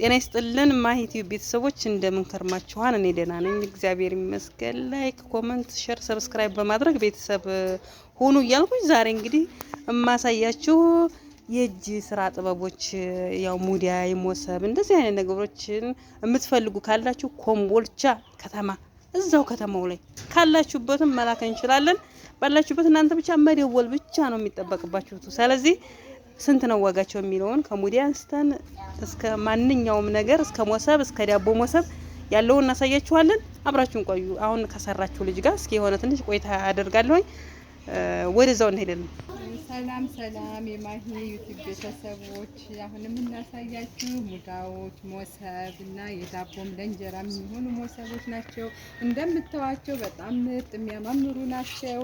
ጤና ይስጥልን ማሂቲዩ ቤተሰቦች እንደምን ከርማችኋን? እኔ ደህና ነኝ እግዚአብሔር ይመስገን። ላይክ፣ ኮመንት፣ ሸር፣ ሰብስክራይብ በማድረግ ቤተሰብ ሆኑ እያልኩኝ ዛሬ እንግዲህ የማሳያችሁ የእጅ ስራ ጥበቦች ያው ሙዲያ፣ ሞሰብ እንደዚህ አይነት ነገሮችን የምትፈልጉ ካላችሁ ኮምቦልቻ ከተማ እዛው ከተማው ላይ ካላችሁበትም መላክ እንችላለን። ባላችሁበት እናንተ ብቻ መደወል ብቻ ነው የሚጠበቅባችሁ። ስለዚህ ስንት ነው ዋጋቸው የሚለውን ከሙዲ አንስተን እስከ ማንኛውም ነገር እስከ ሞሰብ እስከ ዳቦ ሞሰብ ያለውን እናሳያችኋለን። አብራችሁን ቆዩ። አሁን ከሰራችሁ ልጅ ጋር እስኪ የሆነ ትንሽ ቆይታ አደርጋለሁኝ። ወደዛው እንሄዳለን። ሰላም ሰላም የማሂ ዩቲዩብ ቤተሰቦች፣ አሁን የምናሳያችሁ ሙዳዎች ሞሰብ እና የዳቦም ለእንጀራ የሚሆኑ ሞሰቦች ናቸው። እንደምታዋቸው በጣም ምርጥ የሚያማምሩ ናቸው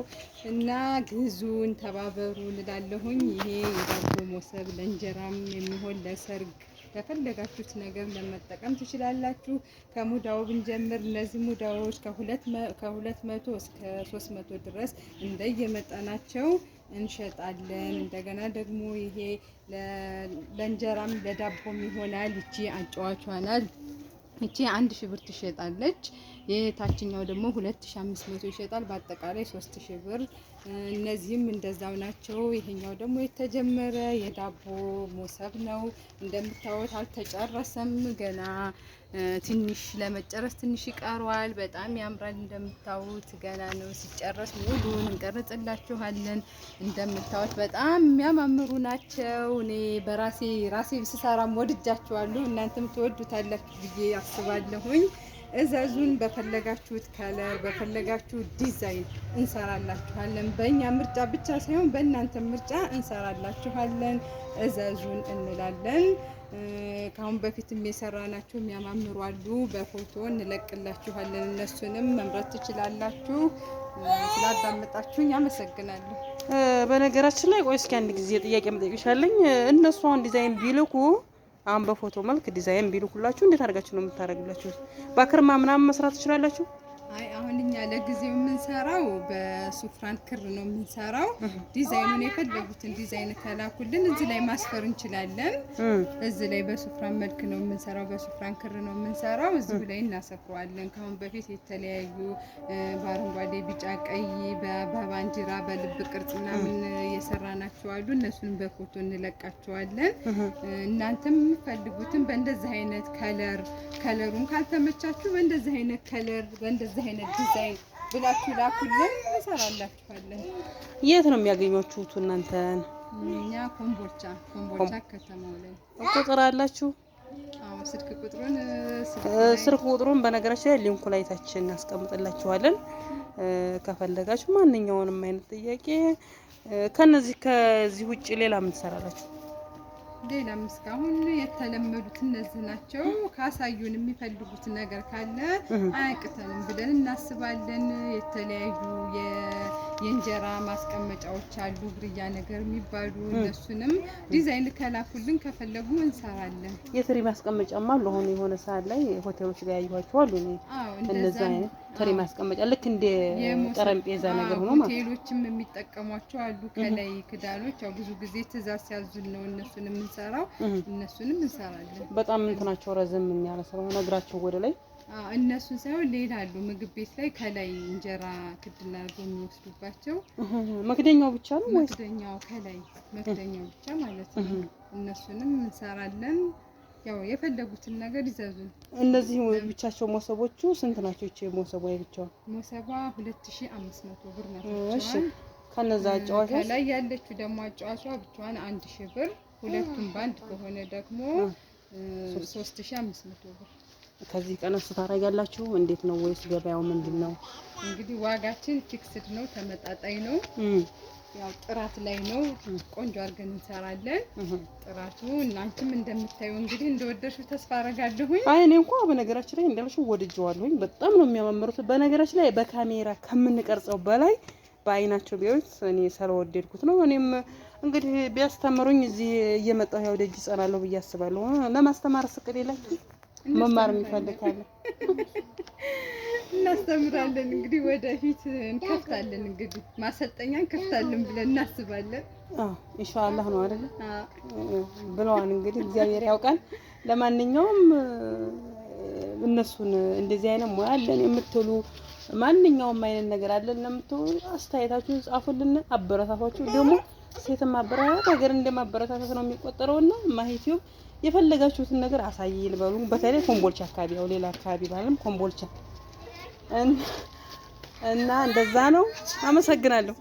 እና ግዙን ተባበሩ እንላለሁኝ። ይሄ የዳቦ ሞሰብ ለእንጀራም የሚሆን ለሰርግ ለፈለጋችሁት ነገር ለመጠቀም ትችላላችሁ። ከሙዳው ብንጀምር እነዚህ ሙዳዎች ከሁለት መቶ እስከ ሶስት መቶ ድረስ እንደየመጠናቸው እንሸጣለን። እንደገና ደግሞ ይሄ ለእንጀራም ለዳቦም ይሆናል። ይቺ አጫዋቿ ናት። ይቺ አንድ ሺህ ብር ትሸጣለች። የታችኛው ደግሞ 2500 ይሸጣል። በአጠቃላይ 3000 ብር። እነዚህም እንደዛው ናቸው። ይሄኛው ደግሞ የተጀመረ የዳቦ ሞሰብ ነው። እንደምታዩት አልተጨረሰም ገና ትንሽ ለመጨረስ ትንሽ ይቀረዋል። በጣም ያምራል። እንደምታዩት ገና ነው። ሲጨረስ ሙሉን እንቀርጽላችኋለን። እንደምታዩት በጣም የሚያማምሩ ናቸው። እኔ በራሴ ራሴ ስሰራም ወድጃችኋለሁ። እናንተም ትወዱታላችሁ ብዬ አስባለሁኝ። እዘዙን። በፈለጋችሁት ከለር በፈለጋችሁት ዲዛይን እንሰራላችኋለን። በእኛ ምርጫ ብቻ ሳይሆን በእናንተ ምርጫ እንሰራላችኋለን። እዘዙን እንላለን። ከአሁን በፊትም የሰራናቸው የሚያማምሩ አሉ። በፎቶ እንለቅላችኋለን። እነሱንም መምረት ትችላላችሁ። ስላዳመጣችሁኝ አመሰግናለሁ። በነገራችን ላይ ቆይ እስኪ አንድ ጊዜ ጥያቄ መጠየቅሻለኝ። እነሱ አሁን ዲዛይን ቢልኩ አሁን በፎቶ መልክ ዲዛይን ቢልኩላችሁ እንዴት አድርጋችሁ ነው የምታደርግላችሁ በክርማ ምናምን መስራት ትችላላችሁ። አይ አሁን እኛ ለጊዜው የምንሰራው በሱፍራን ክር ነው የምንሰራው። ዲዛይኑን የፈለጉትን ዲዛይን ተላኩልን። እዚህ ላይ ማስፈር እንችላለን። እዚህ ላይ በሱፍራን መልክ ነው የምንሰራው፣ በሱፍራን ክር ነው የምንሰራው። እዚሁ ላይ እናሰፍረዋለን። ከአሁን በፊት የተለያዩ በአረንጓዴ፣ ቢጫ፣ ቀይ፣ በባንዲራ በልብ ቅርጽ ምናምን የሰራናቸው አሉ። እነሱን በፎቶ እንለቃቸዋለን። እናንተም የምፈልጉትን በእንደዚህ አይነት ከለር ከለሩን ካልተመቻችሁ በእንደዚህ አይነት ከለር በእንደዚህ እንደዚህ አይነት ዲዛይን ብላችሁ ላኩልን፣ እንሰራላችኋለን። የት ነው የሚያገኟችሁት እናንተን? እኛ ኮምቦልቻ ኮምቦልቻ ከተማው ላይ ቁጥር አላችሁ? ስልክ ቁጥሩን ስልክ ቁጥሩን በነገራችን ላይ ሊንኩ ላይ ታች እናስቀምጥላችኋለን። ከፈለጋችሁ ማንኛውንም አይነት ጥያቄ ከነዚህ ከዚህ ውጭ ሌላ ምን ትሰራላችሁ? ሌላም እስካሁን የተለመዱት እነዚህ ናቸው። ካሳዩን የሚፈልጉት ነገር ካለ አያቅተንም ብለን እናስባለን። የተለያዩ የእንጀራ ማስቀመጫዎች አሉ፣ ብርያ ነገር የሚባሉ እነሱንም ዲዛይን ከላኩልን ከፈለጉ እንሰራለን። የትሪ ማስቀመጫም አሉ። አሁን የሆነ ሰዓት ላይ ሆቴሎች ላይ አሉ እነዚ አይነት ፍሬ ማስቀመጫ ልክ እንደ ጠረጴዛ ነገር ሆኖ ማለት ሆቴሎችም የሚጠቀሟቸው አሉ። ከላይ ክዳኖች ያው ብዙ ጊዜ ትእዛዝ ሲያዙን ነው እነሱን የምንሰራው፣ እነሱንም እንሰራለን። በጣም እንትናቸው ረዘም የሚያለ ስለሆነ እግራቸው ወደ ላይ እነሱን ሳይሆን ሌላ አሉ ምግብ ቤት ላይ ከላይ እንጀራ ክድል አድርገው የሚወስዱባቸው መክደኛው ብቻ ነው። መክደኛው ከላይ መክደኛው ብቻ ማለት ነው። እነሱንም እንሰራለን። ያው የፈለጉትን ነገር ይዘዙን። እነዚህ ብቻቸው ሞሰቦቹ ስንት ናቸው? እቺ መሶቧ ብቻዋ መሶቧ 2500 ብር ናቸው። እሺ ከነዛ አጫዋች ላይ ያለችው ደግሞ አጫዋቿ ብቻዋን 1000 ብር፣ ሁለቱም ባንድ ከሆነ ደግሞ 3500 ብር። ከዚህ ቀነሱ ታደርጋላችሁ? እንዴት ነው ወይስ ገበያው ምንድን ነው? እንግዲህ ዋጋችን ፊክስድ ነው፣ ተመጣጣኝ ነው። ያው ጥራት ላይ ነው። ቆንጆ አድርገን እንሰራለን። ጥራቱ እናንተም እንደምታዩ እንግዲህ እንደወደሹ ተስፋ አረጋለሁኝ። አይ እኔ እንኳ በነገራችን ላይ እንዳልሽው ወድጀዋለሁኝ። በጣም ነው የሚያማምሩት። በነገራችን ላይ በካሜራ ከምንቀርጸው በላይ በአይናቸው ቢሆንስ እኔ ስለወደድኩት ነው። እኔም እንግዲህ ቢያስተምሩኝ እዚህ እየመጣሁ ያው ደጅ እጸናለሁ ብዬ አስባለሁ። ለማስተማር ስቅል የላችሁ መማር የሚፈልግ ካለ እናስተምራለን እንግዲህ ወደፊት እንከፍታለን። እንግዲህ ማሰልጠኛ እንከፍታለን ብለን እናስባለን። ኢንሻአላህ ነው አይደል ብለዋል። እንግዲህ እግዚአብሔር ያውቃል። ለማንኛውም እነሱን እንደዚህ አይነት ሙያ አለን የምትሉ ማንኛውም አይነት ነገር አለን ለምትሉ አስተያየታችሁን ጻፉልን፣ አበረታታችሁ ደግሞ ሴት ማበረታታት ሀገር እንደማበረታታት ነው የሚቆጠረው። የሚቆጠረውና ማሂቲው የፈለጋችሁትን ነገር አሳይ ይልበሉ። በተለይ ኮምቦልቻ አካባቢ ያው ሌላ አካባቢ ባለም ኮምቦልቻ እና እንደዛ ነው። አመሰግናለሁ።